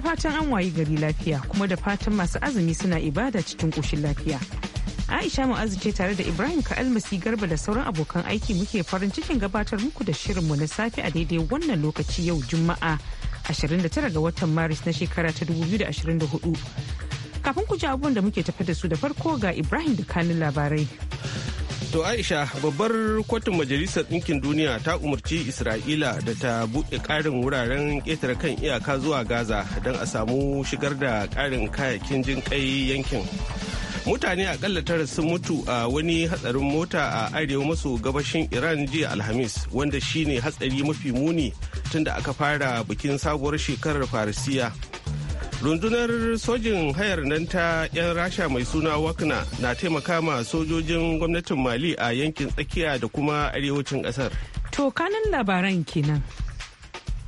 da fatan an wayi gari lafiya kuma da fatan masu azumi suna ibada cikin ƙoshin lafiya aisha mu'azu ce tare da ibrahim almasi garba da sauran abokan aiki muke farin cikin gabatar muku da shirin mu na safe a daidai wannan lokaci yau juma'a 29 ga watan maris na shekara ta 2024 kafin ku ji abubuwan da muke tafi da su da farko ga ibrahim da kanin labarai To Aisha babbar kotun majalisar ɗinkin duniya ta umarci Isra'ila da ta buɗe ƙarin wuraren ƙetare kan iyaka zuwa Gaza don a samu shigar da ƙarin kayakin jin kai yankin. Mutane aƙalla tara sun mutu a wani hatsarin mota a arewa maso gabashin Iran jiya Alhamis wanda shine hatsari mafi muni tunda aka fara bikin sabuwar shekarar Farisiya rundunar sojin hayar nan ta 'yan rasha mai suna wakna na taimaka ma sojojin gwamnatin mali a yankin tsakiya da kuma arewacin kasar to kanin labaran kenan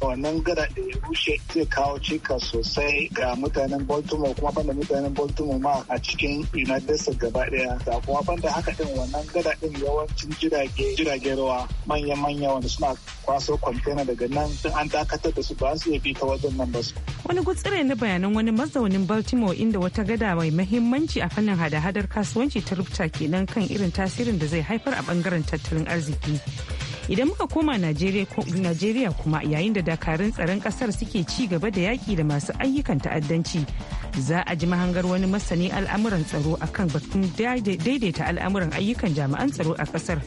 wannan gada da ya rushe zai kawo cika sosai ga mutanen baltimore kuma banda mutanen baltimore ma a cikin united states gaba daya da kuma banda haka din wannan gada din yawancin jirage jiragen ruwa manya-manya wanda suna kwaso kwantena daga nan sun an dakatar da su ba su bi ta wajen nan ba su. wani gutsire na bayanan wani mazaunin baltimore inda wata gada mai mahimmanci a fannin hada-hadar kasuwanci ta rubuta kenan kan irin tasirin da zai haifar a bangaren tattalin arziki idan muka koma najeriya kuma yayin da dakarun tsaron kasar suke ci gaba da yaki da masu ayyukan ta'addanci za a ji mahangar wani masani al'amuran tsaro akan batun daidaita al'amuran ayyukan jami'an tsaro a kasar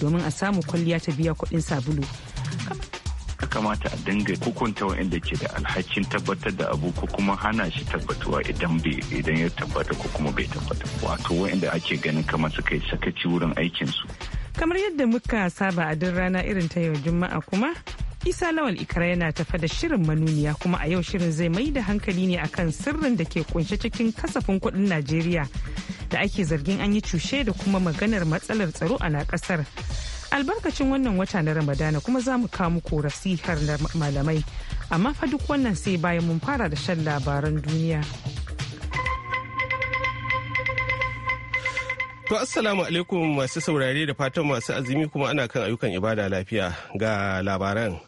domin a samu kwalliya ta biya kuɗin sabulu kamata a dinga hukunta wa'anda ke da alhakin tabbatar da abu ko kuma hana shi tabbatuwa idan bai idan ya tabbata ko kuma bai tabbata wato wa'anda ake ganin kamar suka yi sakaci wurin aikinsu Kamar yadda muka saba a duk rana irin ta yau Juma'a kuma, Isa Lawal ikara yana tafa da shirin manuniya kuma a yau shirin zai mai da hankali ne akan sirrin da ke kunshe cikin kasafin kudin Najeriya da ake zargin an yi cushe da kuma maganar matsalar tsaro a na kasar albarkacin wannan wata na ramadana kuma za mu kawo muku rasihar na malamai amma fa duk wannan sai bayan mun fara da shan labaran duniya To assalamu alaikum masu saurare da fatan masu azumi kuma ana kan ayyukan ibada lafiya ga labaran.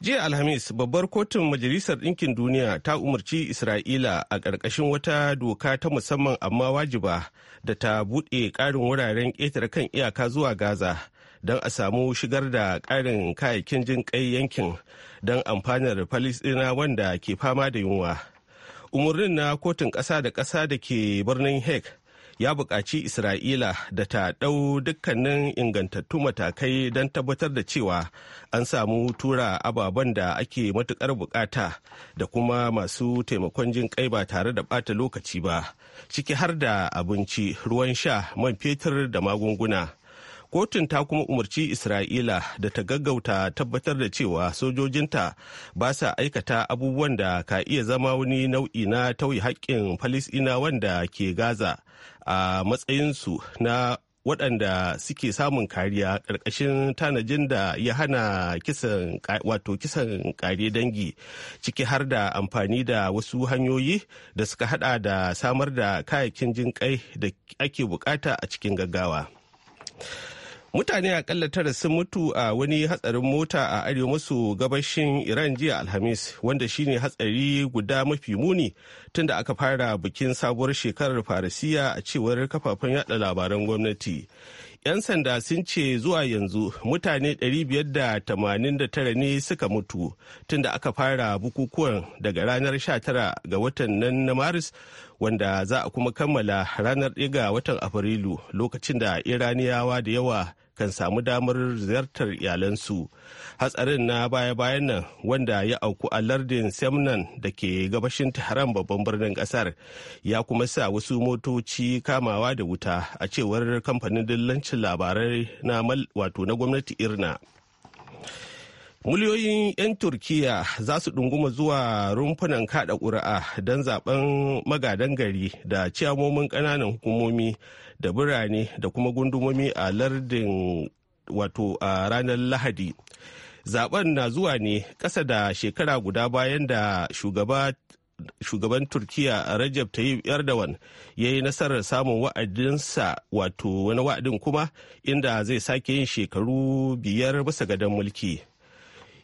jiya alhamis babbar kotun majalisar Dinkin duniya ta umarci isra'ila a ƙarƙashin wata doka ta musamman amma wajiba da ta buɗe ƙarin wuraren ƙetare kan iyaka zuwa gaza don a samu shigar da ƙarin kayayyakin jin ƙai yankin don amfanar falisɗina wanda ke fama da yunwa umarnin na kotun ƙasa da ƙasa da ke birnin hague ya buƙaci isra'ila da ta ɗau dukkanin ingantattu matakai don tabbatar da cewa an samu tura ababen da ake matuƙar buƙata da kuma masu taimakon jin kai ba tare da ɓata lokaci ba ciki har da abinci ruwan sha man fetur da magunguna kotun ta kuma umarci isra'ila da ta gaggauta tabbatar da cewa sojojinta ba sa aikata abubuwan da ka iya zama wani nau'i na tauye haƙƙin falis'ina wanda ke gaza a matsayinsu na waɗanda suke samun kariya ƙarƙashin tanajin da ya hana kisan wato kisan kare dangi ciki har da amfani da wasu hanyoyi da suka hada da samar da kayakin jin kai da ake bukata a cikin gaggawa. mutane akalla tara sun mutu a wani hatsarin mota a arewa maso gabashin iran jiya alhamis wanda shine hatsari guda mafi muni tunda aka fara bikin sabuwar shekarar farisiya a cewar kafafen yada labaran gwamnati 'yan sanda sun ce zuwa yanzu mutane 589 ne suka mutu tunda aka fara bukukuwan daga ranar 19 ga watan nan na maris wanda za a kuma kammala ranar 1 ga watan afrilu lokacin da iraniyawa da yawa kan samu damar ziyartar iyalansu hatsarin na baya-bayan nan wanda ya auku a lardin semnan da ke gabashin taron babban birnin kasar ya kuma sa wasu motoci kamawa da wuta a cewar kamfanin dillancin labarai na wato na gwamnati irna Miliyoyin 'yan Turkiyya za su ɗunguma zuwa rumfunan kaɗa ƙuri'a don zaben magadan gari da ciyamomin ƙananan hukumomi da birane da kuma gundumomi a lardin wato a ranar Lahadi. Zaben na zuwa ne ƙasa da shekara guda bayan da shugaba shugaban turkiya ta Tayyip Erdogan ya yi nasarar samun wa'adinsa wato wani wa'adin kuma inda zai sake yin shekaru biyar bisa gadon mulki.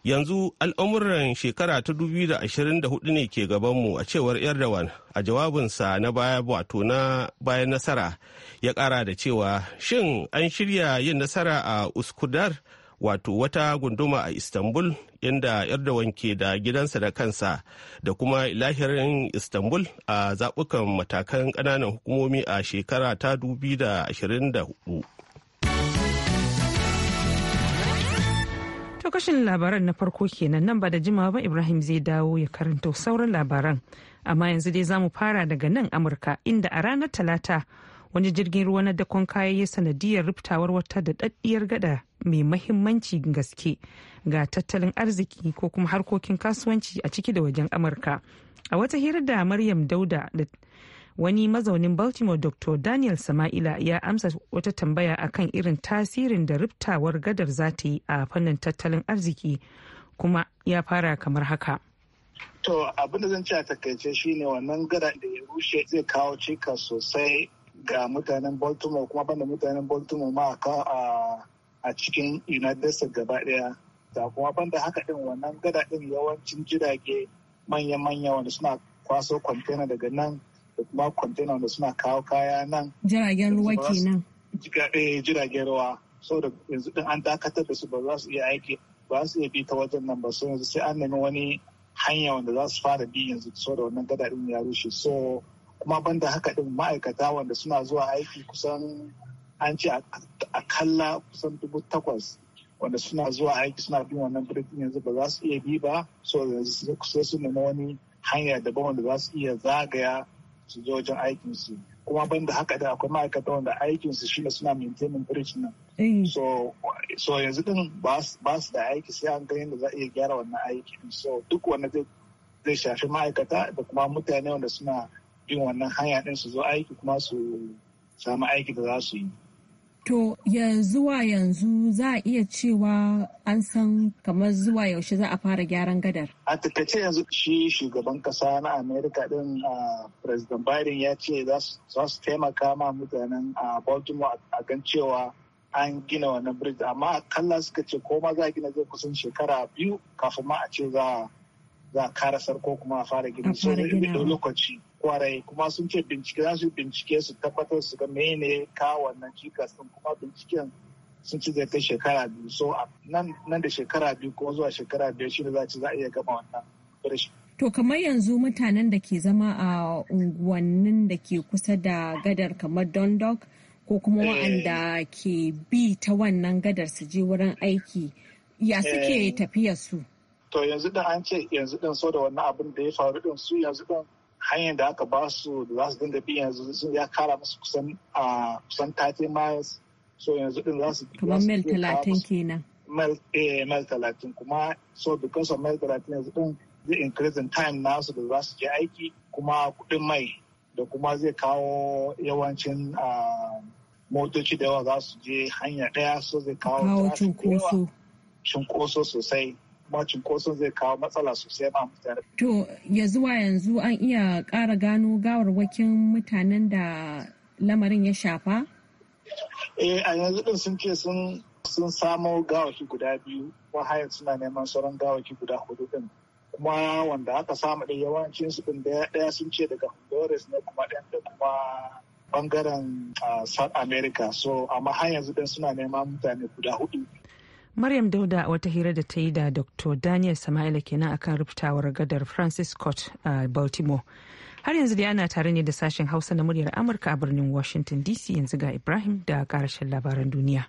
yanzu al'amuran shekara ta 2024 ne ke gabanmu a cewar erdogan a jawabinsa na baya wato na bayan nasara ya kara da cewa shin an shirya yin nasara a uskudar wato wata gunduma a istanbul inda erdogan ke da gidansa da kansa da kuma lahirin istanbul a zaɓukan matakan ƙananan hukumomi a shekara ta 2024 To kashin labaran na farko kenan nan ba da jimawa ba Ibrahim zai dawo ya karanto sauran labaran. Amma yanzu dai za mu fara daga nan Amurka inda a ranar Talata wani jirgin ruwa na dakon kayayyaki sanadiyar riftawar wata da daddiyar gada mai mahimmanci gaske ga tattalin arziki ko kuma harkokin kasuwanci a ciki da wajen Amurka. A wata hirar da Maryam Dauda da wani mazaunin baltimore dr daniel sama'ila ya amsa wata tambaya akan irin tasirin da riftawar gadar za ta yi a fannin tattalin arziki kuma ya fara kamar haka to abinda zan ce a takaice shine wannan gada da ya rushe zai kawo cika sosai ga mutanen baltimore kuma banda mutanen baltimore ma a cikin united states gaba daya da kuma banda haka din wannan gada din yawancin jirage manya-manya wanda suna kwaso kwantena daga nan da kuma kwantena da suna kawo kaya nan. Jiragen ruwa kenan. Eh, jiragen ruwa. da yanzu din an dakatar da su ba za su iya aiki ba su iya bi ta wajen nan ba so yanzu sai an nemi wani hanya wanda za su fara bi yanzu so da wannan gada din ya rushe so kuma banda haka din ma'aikata wanda suna zuwa aiki kusan an ce a kalla kusan dubu takwas wanda suna zuwa aiki suna bin wannan birnin yanzu ba za su iya bi ba so yanzu sai su nemi wani hanya daban wanda za su iya zagaya su je wajen aikin su kuma ban da haka da akwai ma'aikata wanda aikin su shine suna maintaining firij nan eh. so so yanzu din ba su da aiki sai an ga yadda za a iya gyara wannan aikin so duk wanda zai zai shafi ma'aikata da kuma mutane wanda suna bin wannan hanya din su zo aiki kuma su samu aiki da za su yi To ya zuwa yanzu za a iya cewa an san kamar zuwa yaushe za a fara gyaran gadar. A tattace yanzu shi shugaban kasa na Amerika din President Biden ya ce za su taimaka ma mutanen Baltimore a gan cewa an gina wannan bridge amma kalla suka ce ko ma za a gina zai kusan shekara biyu kafin ma a ce za a kara ko kuma a fara gina. So lokaci. kwarai kuma sun ce bincike za su bincike su tabbatar su ga mene ka wannan cikas din kuma binciken sun ci zai kai shekara biyu so nan da shekara biyu ko zuwa shekara biyu shi za ci za a iya gama wannan rashin To kamar yanzu mutanen da ke zama a unguwannin da ke kusa da gadar kamar Dundalk ko kuma eh. wa'anda ke bi ta wannan gadar su je wurin aiki ya eh. suke tafiyar su. To yanzu da an ce yanzu din so da wannan abin da ya faru din su yanzu din hanyar da aka ba su da za su dinga bi yanzu sun ya kara musu kusan a kusan 30 miles so yanzu din za su kamar mil talatin kenan eh, mil talatin kuma so because of mil talatin yanzu din zai increase in time nasu da za su je aiki kuma kudin mai da kuma zai kawo yawancin motoci da yawa za su je hanya daya so zai kawo cunkoso sosai kuma cunkoson zai kawo matsala sosai ma mutane. To ya zuwa yanzu an iya ƙara gano gawarwakin mutanen da lamarin ya shafa? Eh a yanzu ɗin sun ce sun sun samo gawaki guda biyu wahayan suna neman sauran gawaki guda hudu ɗin. Kuma wanda aka samu da yawancin su ɗin ɗaya sun ce daga Honduras ne kuma ɗin da kuma bangaren ah, South America so amma har yanzu ɗin suna neman mutane guda hudu. Maryam Dauda wata hira da ta yi da Dr. Daniel Sama'ila kenan akan rubutawar gadar Francis Scott a Baltimore. Har yanzu da ana tare ne da sashen Hausa na muryar Amurka a birnin Washington DC yanzu ga Ibrahim da karashen labaran duniya.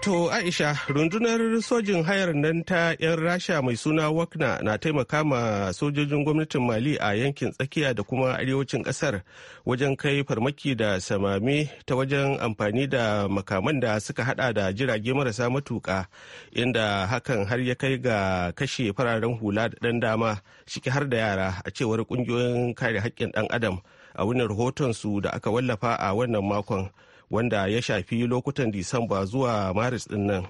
To Aisha, rundunar sojin hayar nan ta 'yan Rasha mai suna Wakna na taimaka ma sojojin gwamnatin Mali a yankin tsakiya da kuma arewacin ƙasar wajen kai farmaki da samami ta wajen amfani da makaman da suka hada da jirage marasa matuƙa inda hakan har ya kai ga kashe fararen hula da ɗan dama ciki har da yara a cewar ƙungiyoyin kare haƙƙin ɗan adam a wannan rahoton su da aka wallafa a wannan makon. wanda ya shafi lokutan disamba zuwa maris din nan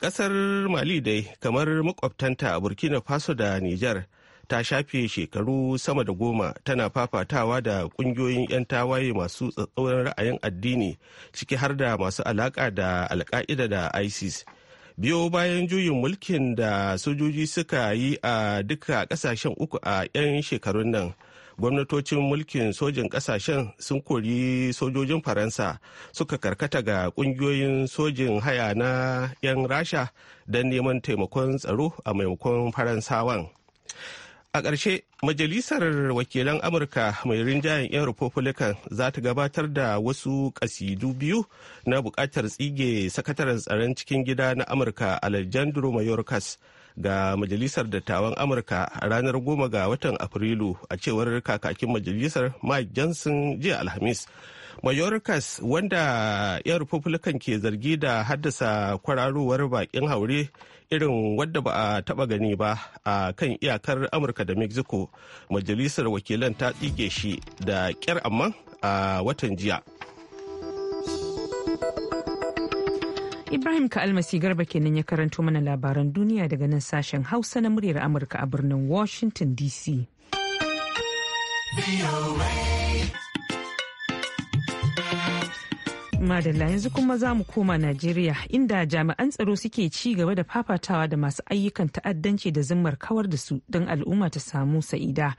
kasar mali dai kamar makwabtanta burkina faso da niger ta shafe shekaru sama da goma tana fafatawa da kungiyoyin 'yan tawaye masu tsatsauran ra'ayin addini ciki har da masu alaka da alka'ida da isis biyo bayan juyin mulkin da sojoji suka yi a duka kasashen uku a 'yan shekarun nan gwamnatocin mulkin sojin kasashen sun kori sojojin faransa suka karkata ga kungiyoyin sojin haya na 'yan rasha don neman taimakon tsaro a maimakon faransawan a ƙarshe majalisar wakilan amurka mai rinjayen 'yan republican za ta gabatar da wasu ƙasidu biyu na buƙatar tsige sakataren tsaron cikin gida na amurka alejandro mayorkas ga majalisar dattawan amurka ranar goma ga watan afrilu a cewar kakakin majalisar mike johnson jiya alhamis mayorkas wanda 'yan republican ke zargi da haddasa kwararowar bakin haure irin wadda ba a taba gani ba a kan iyakar amurka da mexico majalisar wakilan ta tsige shi da kyar amma a watan jiya Ibrahim Ka'almasi Garba kenan ya karanto mana labaran duniya daga nan sashen Hausa na muryar Amurka a birnin Washington DC. Madalla yanzu kuma za mu koma Najeriya inda jami'an tsaro suke ci gaba da fafatawa da masu ayyukan ta'addanci da zimmar kawar da su don al'umma ta samu sa'ida.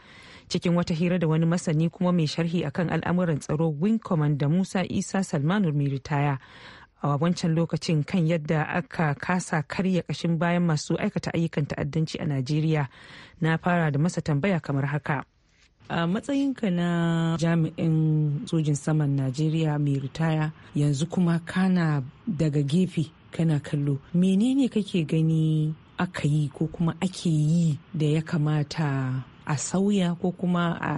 Cikin wata hira da wani masani kuma mai sharhi akan al'amuran tsaro Wing Commander Musa Isa salmanu mai ritaya. a wancan lokacin kan yadda aka kasa karya kashin bayan masu aikata ayyukan ta'addanci a najeriya na fara da masa tambaya kamar haka a matsayinka na jami'in sojin saman najeriya mai ritaya yanzu kuma kana daga gefe kana kallo menene kake gani aka yi ko kuma ake yi da ya kamata a sauya ko kuma a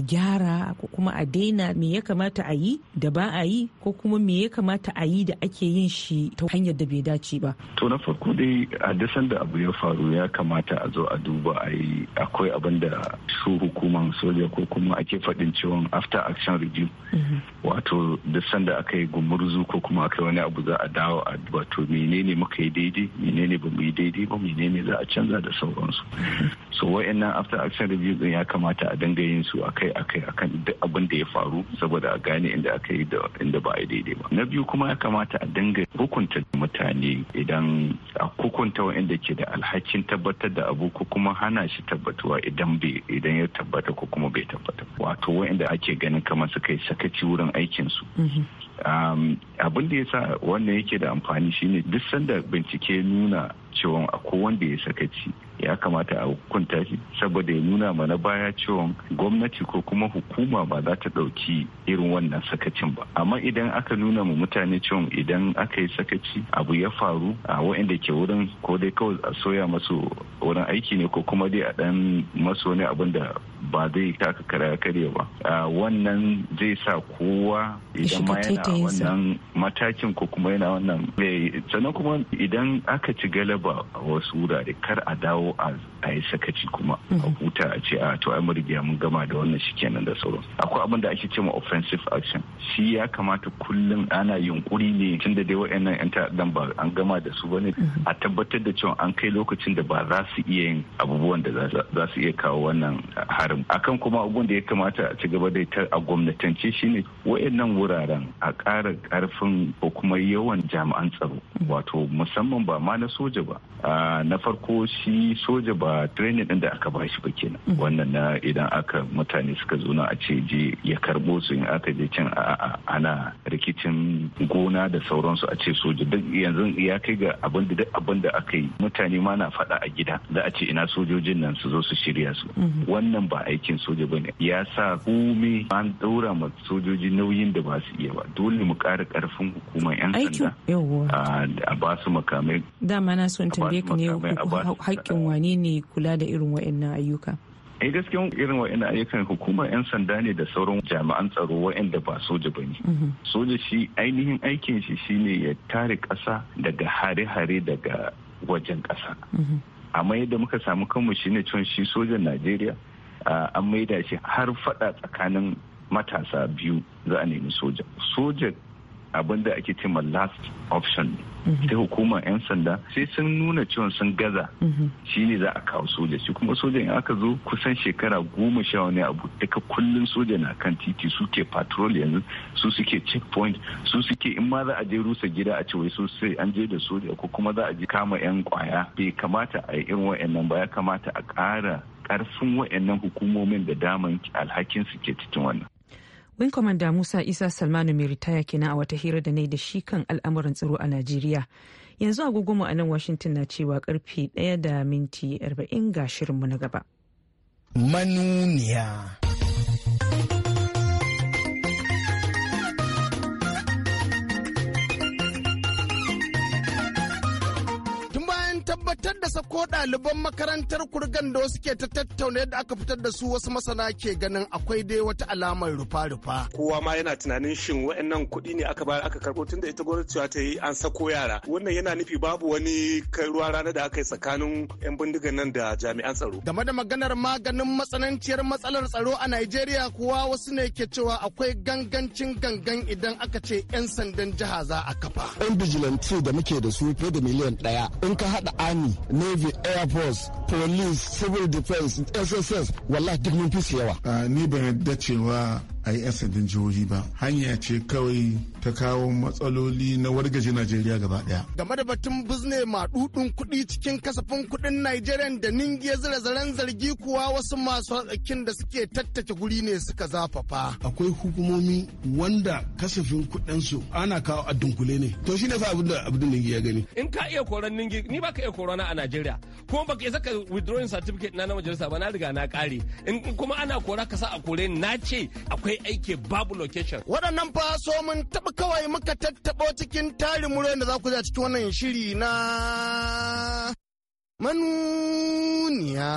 gyara ko kuma a daina me ya kamata a yi da ba a yi ko kuma me ya kamata a yi da ake yin shi ta hanyar da bai dace ba. To na farko dai a dasan da abu ya faru ya kamata a zo a duba a yi akwai abin da su hukuman soja ko kuma ake faɗin cewa after action review mhm. wato dasan da aka yi gumurzu ko kuma aka yi wani abu za a dawo a wato menene muka yi daidai menene ba mu yi daidai ba menene za a canza da sauransu. Mhm. So wa'annan after action waɗancan biyu din ya kamata a dinga yin su akai akai akan duk abin da ya faru saboda a gane inda aka yi da inda ba a daidai ba na biyu kuma ya kamata a dinga hukunta mutane idan a hukunta wanda ke da alhakin tabbatar da abu ko kuma hana shi tabbatuwa idan bai idan ya tabbata ko kuma bai tabbata wato wanda ake ganin kamar suka yi sakaci wurin aikin su mm-hmm. um, abin da ya sa wannan yake da amfani shine duk sanda bincike nuna cewa akwai wanda ya sakaci ya kamata a hukunta shi saboda ya nuna mana baya cewa gwamnati ko kuma hukuma ba za ta ɗauki irin wannan sakacin ba amma idan aka nuna mu mutane cewa idan aka yi sakaci abu ya faru a waɗanda ke wurin ko dai kawai a soya masu wurin aiki ne ko kuma dai a dan masu wani abin da ba zai taka kare karya ba wannan zai sa kowa idan ma yana wannan matakin ko kuma yana wannan eh, sannan kuma idan aka ci galaba raba wasu wurare kar a dawo a a yi sakaci kuma a mm-hmm. huta a ce a to ai mu mun gama da wannan shikenan da sauran akwai abin da ake cewa offensive action shi ya kamata kullum ana yunkuri ne tunda dai wayannan yan ta'addan ba an gama da su bane mm-hmm. a tabbatar da cewa an kai lokacin da ba za su iya yin abubuwan da za su iya kawo wannan harin akan kuma abubuwan da ya kamata a ci gaba da ta a gwamnatance shine wayannan wuraren a ƙara ƙarfin ko kuma yawan jami'an tsaro mm-hmm. wato musamman ba ma na soja ba na farko shi soja ba ba training din da aka ba shi ba kenan mm. wannan na idan aka mutane suka zo na a ce je ya karbo su in aka je can a ana rikicin gona da sauransu a ce soja duk yanzu ya kai ga abin da duk abin aka yi mutane ma na faɗa a gida za a ce ina sojojin nan su zo su shirya su mm-hmm. wannan ba aikin soja bane ya sa kome an ɗaura ma sojoji nauyin da ba su iya ba dole mu ƙara ƙarfin hukumar 'yan sanda a ba su makamai dama na son tambaye ka ne hakkin wane ne kula da irin waɗannan ayyuka? a eh, gaskiyan irin wa'in ayyukan hukumar 'yan sanda ne da sauran jami'an tsaro wa'anda ba soja ba ne mhm. soja shi ainihin aikin shi shine ya tare ƙasa daga hare-hare daga wajen ƙasa mhm. amma yadda muka samu kanmu shine cewa shi sojan najeriya an maida shi har faɗa tsakanin matasa biyu za a nemi soja soja abin da ake cewa last option ta hukumar 'yan sanda sai sun nuna cewa sun gaza shi ne za a kawo soja shi kuma sojan aka zo kusan shekara goma sha wani abu duka kullum soja na kan titi suke patrol yanzu su suke checkpoint su suke in ma za a je rusa gida a cewa su sai an je da soja ko kuma za a je kama 'yan kwaya bai kamata a yi irin wa'annan ba ya kamata a ƙara ƙarfin wa'annan hukumomin da daman alhakin su ke cikin wannan. Wing kwamanda Musa Isa Salmanu mai ritaya kenan a wata hira da ne da shi kan al'amuran tsaro a Najeriya. Yanzu agogonmu a nan Washington na cewa karfe ɗaya da minti arba'in ga shirinmu na gaba. Manuniya. tabbatar da sako ɗaliban makarantar kurgan da wasu ke ta tattauna yadda aka fitar da su wasu masana ke ganin akwai dai wata alamar rufa-rufa. Kowa ma yana tunanin shin wa'annan kuɗi ne aka bayar aka karɓo tunda ita gwamnati ta yi an sako yara. Wannan yana nufi babu wani kai ruwa rana da aka yi tsakanin 'yan bindigan nan da jami'an tsaro. Game da maganar maganin matsananciyar matsalar tsaro a Najeriya kuwa wasu ne ke cewa akwai gangancin gangan idan aka ce 'yan sandan jiha za a kafa. 'Yan bijilanti da muke da su fiye da miliyan ɗaya in ka haɗa army navy air force police civil defence sss wala duk mun fi yawa ah, ni ban yadda cewa a yi 'yan sandan jihohi ba hanya ce kawai ta kawo matsaloli na wargaje najeriya gaba daya game da batun bizne maɗuɗin kuɗi cikin kasafin kuɗin najeriya da ningiya zare zaren zargi kuwa wasu masu hatsakin da suke tattake guri ne suka zafafa akwai hukumomi wanda kasafin su ana kawo a dunkule ne to shine fa abin da abin ningi ya gani in ka iya koran ningi ni ba ka iya koran a najeriya kuma baka isa saka withdrawing certificate na na majalisa ba na riga na kare in kuma ana kora ka sa a kore na ce akwai mai aiki babu location waɗannan fa so mun taɓa kawai muka tattaɓo cikin tarin muryoyin da za ku a cikin wannan shiri na manuniya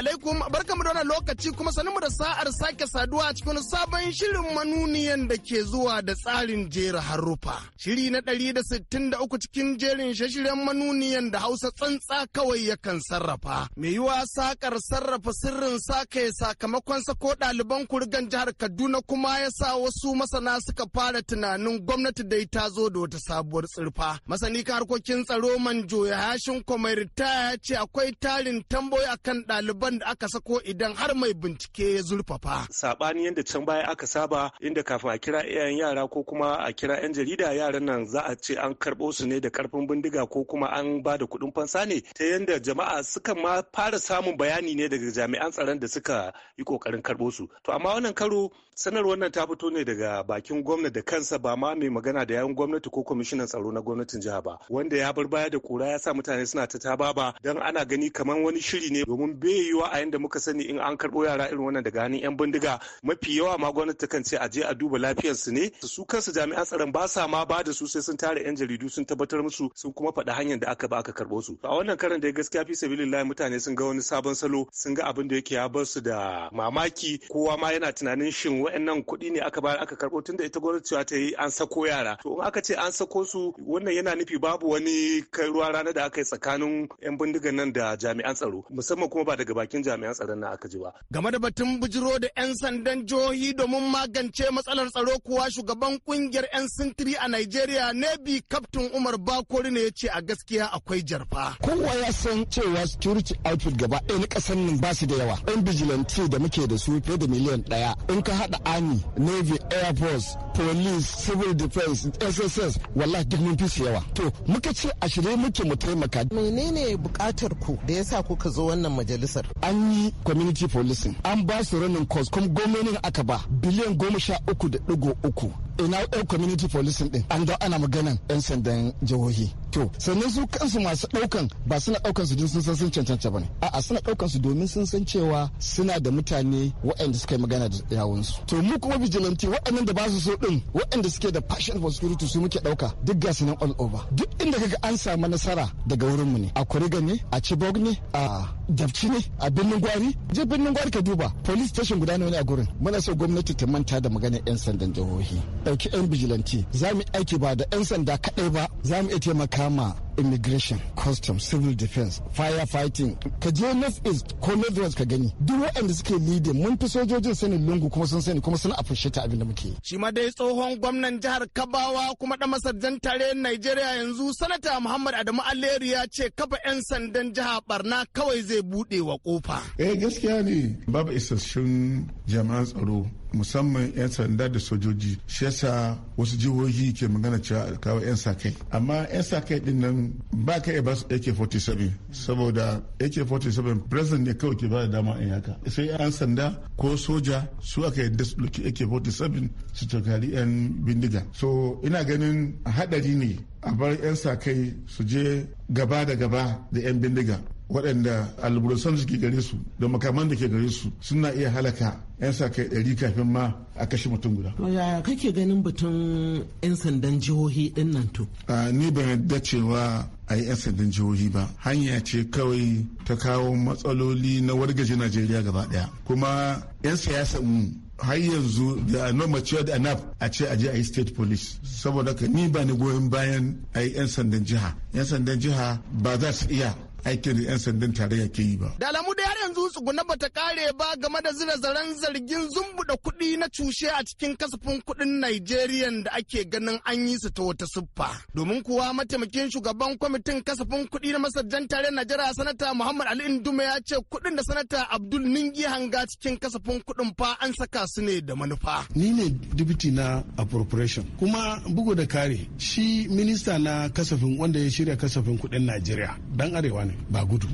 alaikum barkamu da wannan lokaci kuma sanin mu da sa'ar sake saduwa cikin sabon shirin manuniyan da ke zuwa da tsarin jera harufa. Shiri na ɗari da sittin da uku cikin jerin shashiren manuniyan da Hausa tsantsa kawai yakan sarrafa. Mai yiwa sakar sarrafa sirrin sake sakamakon sa ko ɗaliban kurgan jihar Kaduna kuma ya sa wasu masana suka fara tunanin gwamnati dai ta zo da wata sabuwar tsirfa. Masani kan harkokin tsaro manjo ya hashin ritaya ya ce akwai tarin tamboyi akan ɗaliban abubuwan da aka sako idan har mai bincike ya zurfafa. Sabani yadda can baya aka saba inda kafin a kira iyayen yara ko kuma a kira 'yan jarida yaran nan za a ce an karɓo su ne da karfin bindiga ko kuma an ba da kuɗin fansa ne ta yadda jama'a suka ma fara samun bayani ne daga jami'an tsaron da suka yi ƙoƙarin karɓo su. To amma wannan karo sanarwar nan ta fito ne daga bakin gwamna da kansa ba ma mai magana da yawun gwamnati ko kwamishinan tsaro na gwamnatin jiha ba wanda ya bar baya da kura ya sa mutane suna ta tababa don ana gani kamar wani shiri ne domin bai yiwa a yanda muka sani in an karɓo yara irin wannan daga hannun 'yan bindiga mafi yawa ma gwamnati kan ce a je a duba lafiyar su ne su kansu jami'an tsaron ba sa ma ba da su sai sun tare 'yan jaridu sun tabbatar musu sun kuma faɗa hanyar da aka ba aka karɓo su a wannan karan da gaskiya fi sabilillahi mutane sun ga wani sabon salo sun ga abin da yake ya bar su da mamaki kowa ma yana tunanin shin wa'annan kuɗi ne aka bayar aka karɓo tunda ita gwamnati cewa ta yi an sako yara to in aka ce an sako su wannan yana nufi babu wani kai ruwa rana da aka yi tsakanin 'yan bindigan nan da jami'an tsaro musamman kuma ba daga bakin jami'an tsaron na aka Game da batun bujiro da 'yan sandan jihohi domin magance matsalar tsaro kuwa shugaban kungiyar 'yan sintiri a Najeriya nabi Kaftin Umar Bakori ne ya ce a gaskiya akwai jarfa. Kowa ya san cewa security outfit gaba ɗaya na ƙasar nan ba su da yawa. 'Yan vigilante da muke da su fiye da miliyan ɗaya. In ka haɗa Army, Navy, Air Force, Police, Civil Defense, SSS, wallahi duk mun fi su yawa. To muka ce a shirye muke mu taimaka. Menene buƙatar ku da yasa kuka zo wannan majalisar? an yi community policing an ba su running cost kuma gwamnonin aka ba biliyan goma sha uku da ɗigo uku ina yan community policing din an ga ana maganan yan sandan jihohi to sannan su kansu masu daukan ba suna daukan su sun san sun cancanta bane a'a suna daukan su domin sun san cewa suna da mutane waɗanda suka yi magana da yawun su to mu kuma vigilante waɗannan da ba su so din waɗanda suke da passion for security su muke dauka duk ga su all over duk inda kaga an samu nasara daga wurin mu ne a kuriga ne a chibok ne a dabci ne a birnin gwari je birnin gwari ka duba police station guda ne a gurin muna so gwamnati ta manta da maganar yan sandan jihohi ɗauki 'yan bijilanti za mu aiki ba da 'yan sanda kaɗai ba za mu iya taimaka ma immigration custom civil defense firefighting ka je north east ko north west ka gani duk waɗanda suke leading mun fi sojojin sanin lungu kuma sun sani kuma suna afishe ta abin da muke shi ma dai tsohon gwamnan jihar kabawa kuma da masarjan tare Najeriya yanzu sanata Muhammad Adamu Aleri ya ce kafa 'yan sandan jiha barna kawai zai bude wa kofa eh gaskiya ne babu isassun jama'an tsaro musamman 'yan sanda da sojoji shi yasa wasu jihohi ke magana cewa kawo 'yan sa kai amma 'yan sa kai din nan ba ka iya basu AK47 saboda AK47 president ne kawai ke ba da dama in haka sai an sanda ko soja su aka yadda su AK47 su tukari 'yan bindiga. So ina ganin haɗari ne a bar 'yan sa kai su je gaba da gaba da 'yan bindiga waɗanda alburusan suke ke gare su da makaman da ke gare su suna iya halaka 'yan sa kai ɗari kafin ma a kashe mutum guda. ya kake ganin batun 'yan sandan jihohi ɗin nan to? ni ban yadda cewa a yi 'yan sandan jihohi ba hanya ce kawai ta kawo matsaloli na wargaje najeriya gaba ɗaya kuma 'yan siyasa mu har yanzu da are not matured enough a ce aje a yi state police saboda ka ni ba ni goyon bayan a yi 'yan sandan jiha 'yan sandan jiha ba za su iya aikin da 'yan sandan tarayya ke yi ba. Da alamu da yanzu tsuguna bata kare ba game da zira zaren zargin zumbuɗa kuɗi na cushe a cikin kasafin kuɗin nigeria da ake ganin an yi su ta wata siffa. Domin kuwa mataimakin shugaban kwamitin kasafin kuɗi na masajjan tarayyar Najeriya sanata Muhammad Ali Induma ya ce kuɗin da sanata Abdul Ningi hanga cikin kasafin kuɗin fa an saka su ne da manufa. Ni ne dibiti na appropriation kuma bugu da kare shi minista na kasafin wanda ya shirya kasafin kuɗin Najeriya dan arewa ne ba gudu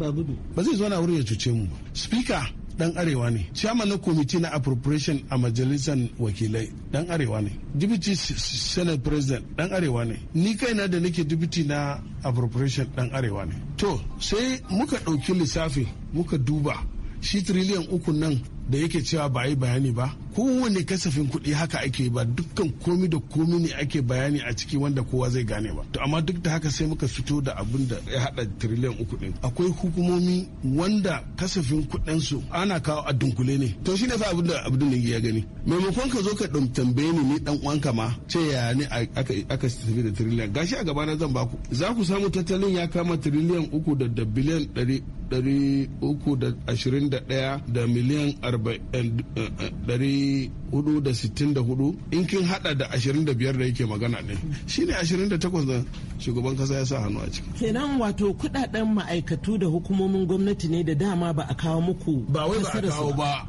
ba zai zo na wuri ya cuce mu ba speaker dan arewa ne chairman na committee na appropriation a majalisar wakilai dan arewa ne deputy senate president dan arewa ne ni kaina da nake deputy na appropriation dan arewa ne to sai muka ɗauki lissafi muka duba shi triliyan uku nan da yake cewa ba a yi bayani ba kowane kasafin kuɗi haka ake ba dukkan komi da komi ne ake bayani a ciki wanda kowa zai gane ba to amma duk da haka sai muka fito da abin da ya hada triliyan uku ɗin akwai hukumomi wanda kasafin kuɗin su ana kawo a dunkule ne to shi ne fa abin da abdul ya gani maimakon ka zo ka tambaye ni ni dan uwanka ma ce ya ne aka tafi da triliyan gashi a gaba na zan ba ku. za ku samu tattalin ya kama triliyan uku da biliyan ɗari uku da ashirin da ɗaya da miliyan 464 in kin hada da 25 da yake magana ne shine 28 da shugaban kasa ya sa hannu a ciki kenan wato kudaden ma'aikatu da hukumomin gwamnati ne da dama ba a kawo muku ba wai ba a kawo ba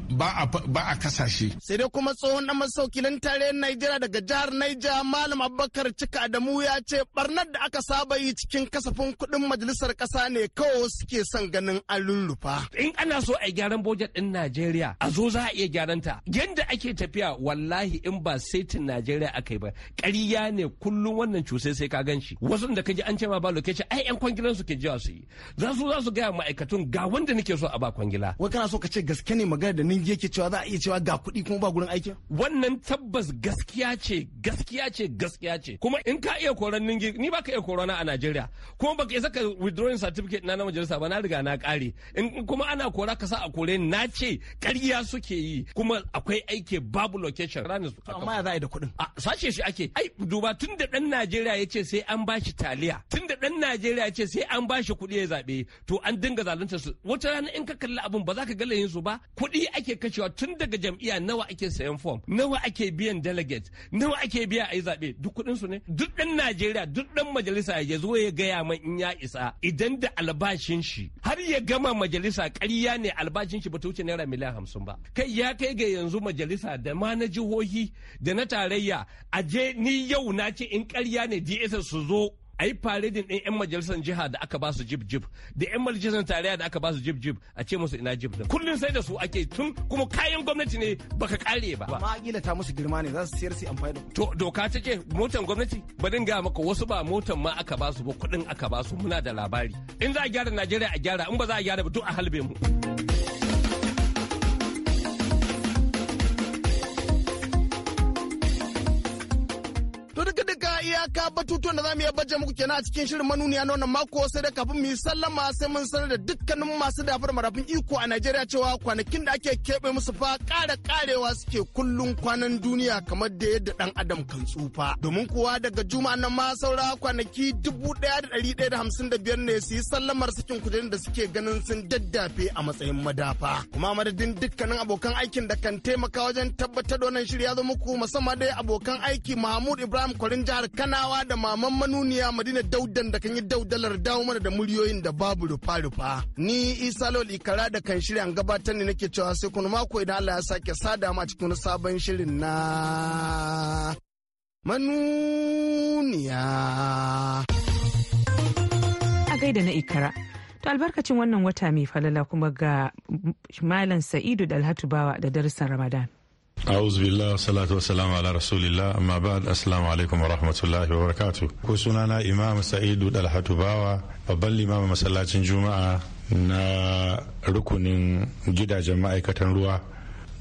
ba a kasashe sai dai kuma tsohon dan masaukilin tarayyar Najeriya daga jihar Niger Malam Abubakar Cika Adamu ya ce barnar da aka saba yi cikin kasafin kuɗin majalisar kasa ne kawai suke son ganin an lullufa in ana so a gyaran bojet din Najeriya a zo za a iya gyaran ta yadda ake tafiya wallahi in ba setin Najeriya aka yi ba ƙarya ne kullum wannan cusai sai ka gan shi wasu da kaji an ce ma ba lokaci ai yan kwangilan su ke jiwa su yi za su za su gaya ma'aikatun ga wanda nake so a ba kwangila wai kana so ka ce gaske ne magana da ninge yake cewa za a iya cewa ga kuɗi kuma ba gurin aiki. wannan tabbas gaskiya ce gaskiya ce gaskiya ce kuma in ka iya koran ninge ni ba ka iya korona a Najeriya kuma ka isa ka withdrawing certificate na na majalisa ba na riga na kare in kuma ana kora ka sa a kore na ce ƙarya ƙarya suke yi kuma akwai aiki babu location ranar su amma ya za da kuɗin a sace shi ake ai duba tun da ɗan Najeriya ya ce sai an bashi taliya tun da ɗan Najeriya ya ce sai an bashi kuɗi ya zaɓe to an dinga zalunta su wata rana in ka kalli abin ba za ka gala yin su ba kuɗi ake kashewa tun daga jam'iyya nawa ake sayan form nawa ake biyan delegate nawa ake biya a yi zaɓe duk kuɗin su ne duk ɗan Najeriya duk dan majalisa ya zo ya gaya man in ya isa idan da albashin shi har ya gama majalisa ƙarya ne albashin shi ba ta wuce naira miliyan hamsin sun ba kai ya kai ga yanzu majalisa da ma na jihohi da na tarayya a je ni yau na ce in karya ne dss su zo a yi faridin ɗin 'yan majalisar jiha da aka ba su jib jib da 'yan majalisar tarayya da aka ba su jib jib a ce musu ina jib din kullum sai da su ake tun kuma kayan gwamnati ne baka kare ba amma gila ta musu girma ne za su siyar su amfani da to doka ta ce motan gwamnati ba dinga maka wasu ba motan ma aka ba su ba kuɗin aka ba su muna da labari in za a gyara Najeriya a gyara in ba za a gyara ba duk a halbe mu iya iyaka batutuwan da za mu iya baje muku kenan a cikin shirin manuniya na wannan mako sai da kafin mu yi sallama sai mun sanar da dukkanin masu dafar marafin iko a Najeriya cewa kwanakin da ake keɓe musu fa ƙara ƙarewa suke kullum kwanan duniya kamar da yadda dan adam kan tsufa. Domin kuwa daga juma'a nan ma saura kwanaki dubu ɗaya da ɗari ɗaya da hamsin da biyar ne su yi sallamar sakin kujerun da suke ganin sun daddafe a matsayin madafa. Kuma madadin dukkanin abokan aikin da kan taimaka wajen tabbatar da wannan shirya zo muku musamman dai abokan aiki Mahmud Ibrahim Kwarin jihar Kanawa da maman manuniya Madina Daudan da kan yi daudalar dawo mana da muryoyin da babu rufa-rufa. Ni Isa Lol Ikara da kan shirya gabatar ne nake cewa sai kuna mako idan Allah ya sake sada ma cikin sabon shirin na manuniya. A gaida na Ikara. To albarkacin wannan wata mai falala kuma ga Malam Sa'idu Dalhatu Bawa da darussan Ramadan. A'udhu billah salatu wassalamu ala rasulillah amma ba'd assalamu alaikum wa rahmatullahi wa barakatuh. Ko sunana Imam Sa'idu Dalhatu Bawa babban limamin masallacin Juma'a na rukunin gidajen ma'aikatan ruwa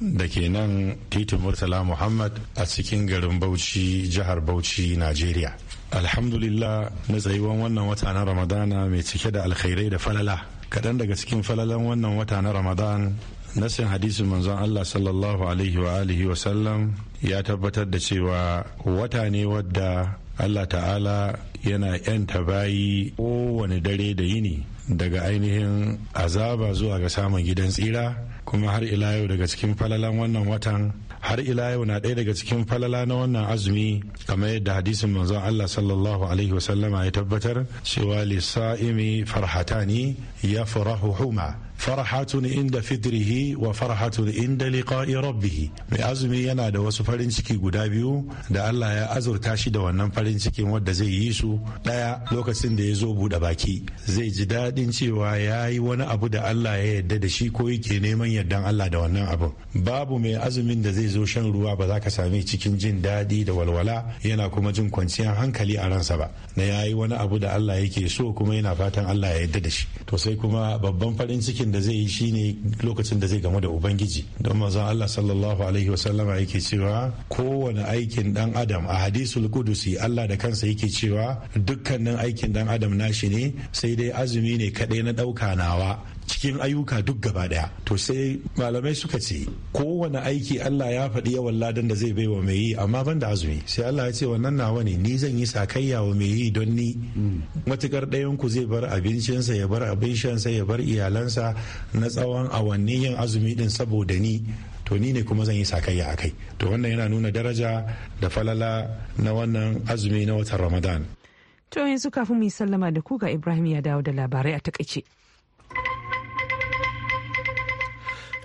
da ke nan titin Murtala Muhammad a cikin garin Bauchi jihar Bauchi Najeriya. Alhamdulillah na tsayuwan wannan wata na Ramadana mai cike da alkhairai da falala. Kaɗan daga cikin falalan wannan wata na Ramadan nasin hadisin manzon Allah sallallahu alaihi wa alihi wa sallam ya tabbatar da cewa wata ne wadda Allah ta'ala yana yanta bayi kowane dare da yini daga ainihin azaba zuwa ga samun gidan tsira kuma har ila yau daga cikin falalan wannan watan har ila yau na ɗaya daga cikin falala na wannan azumi kamar yadda hadisin manzon Allah sallallahu alaihi wasallama ya tabbatar cewa lisa'imi farhatani ya farahu huma farhatun inda fidrihi wa farhatun inda liqa'i rabbih mai azumi yana da wasu farin ciki guda biyu da Allah ya azurta shi da wannan farin cikin wanda zai yi su ɗaya lokacin da ya zo buɗe baki zai ji daɗin cewa ya yi wani abu da Allah ya yarda da shi ko yake neman yardan Allah da wannan abu. babu mai azumin da zai zo shan ruwa ba za ka sami cikin jin daɗi da walwala yana kuma jin kwanciyar hankali a ransa ba na ya yi wani abu da Allah yake so kuma yana fatan Allah ya yarda da shi to sai kuma babban farin cikin aikin da zai yi shine lokacin da zai gamu da ubangiji don manzon Allah sallallahu alaihi wasallama yake cewa kowane aikin dan adam a hadisul qudusi Allah da kansa yake cewa dukkanin aikin dan adam nashi ne sai dai azumi ne kadai na dauka nawa cikin ayyuka duk gaba daya to sai malamai suka ce kowane aiki Allah ya faɗi yawan ladan da zai baiwa mai yi amma ban da azumi sai Allah ya ce wannan nawa ne ni zan yi sakayya wa mai yi don ni matukar ɗayan ku zai bar abincinsa ya bar abin shansa ya bar iyalansa na tsawon awanni yin azumi din saboda ni to ni ne kuma zan yi sakayya a kai to wannan yana nuna daraja da falala na wannan azumi na watan ramadan to yanzu kafin mu yi sallama da ku ga ibrahim ya dawo da labarai a takaice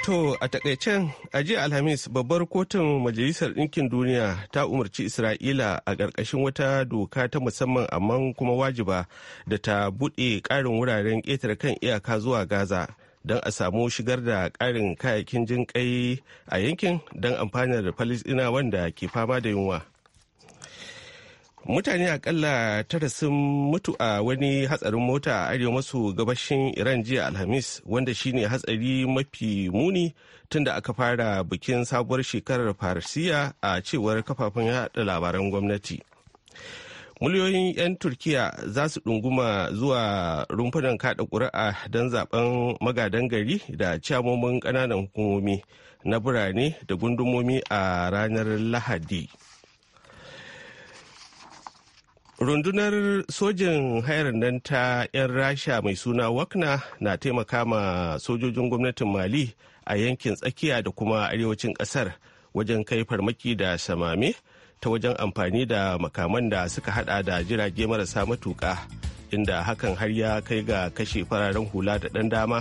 To a takaicen a jiya Alhamis babbar kotun Majalisar Ɗinkin Duniya ta umarci Isra'ila a ƙarƙashin wata doka ta musamman amma kuma wajiba da ta buɗe ƙarin wuraren ƙetare kan iyaka zuwa Gaza don a samu shigar da ƙarin kayakin jinƙai a yankin don amfanar Falasɗina wanda ke fama da yunwa. mutane akalla tara sun mutu a wani hatsarin mota a arewa maso gabashin iran jiya alhamis wanda shine hatsari mafi muni tunda aka fara bikin sabuwar shekarar farisiya a cewar kafafen yada labaran gwamnati miliyoyin 'yan turkiya za su ɗunguma zuwa rumfunan kada ƙuri'a don zaben magadan gari da ciyamomin ƙananan hukumomi na birane da gundumomi a ranar lahadi. rundunar sojin hayar nan ta 'yan rasha mai suna wakna na taimaka ma sojojin gwamnatin mali a yankin tsakiya da kuma arewacin kasar wajen kai farmaki da samame ta wajen amfani da makaman da suka hada da jirage marasa matuka inda hakan har ya kai ga kashe fararen hula da ɗan dama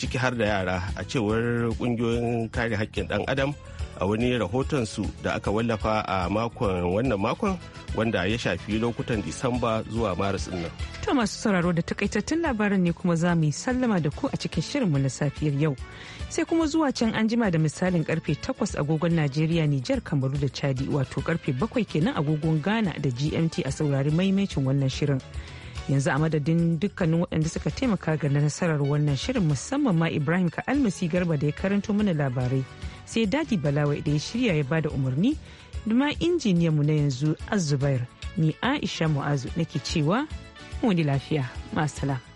ciki har da yara a cewar ƙungiyoyin kare haƙƙin ɗan adam a wani rahotonsu da aka wallafa a makon wannan makon wanda ya shafi lokutan disamba zuwa maris nan. to masu sauraro da takaitattun labarin ne kuma za mu yi sallama da ku a cikin shirinmu na safiyar yau sai kuma zuwa can an jima da misalin karfe 8 agogon najeriya nijar kamaru da chadi wato karfe 7 kenan agogon ghana da gmt a saurari maimacin wannan shirin. yanzu a madadin dukkanin waɗanda suka taimaka ga nasarar wannan shirin musamman ma ibrahim ka almasi garba da ya karanto mana labarai sai dadi balawai da ya shirya ya bada umarni da ma injiniyan mu na yanzu azubair ni aisha mu'azu nake cewa mu lafiya masala.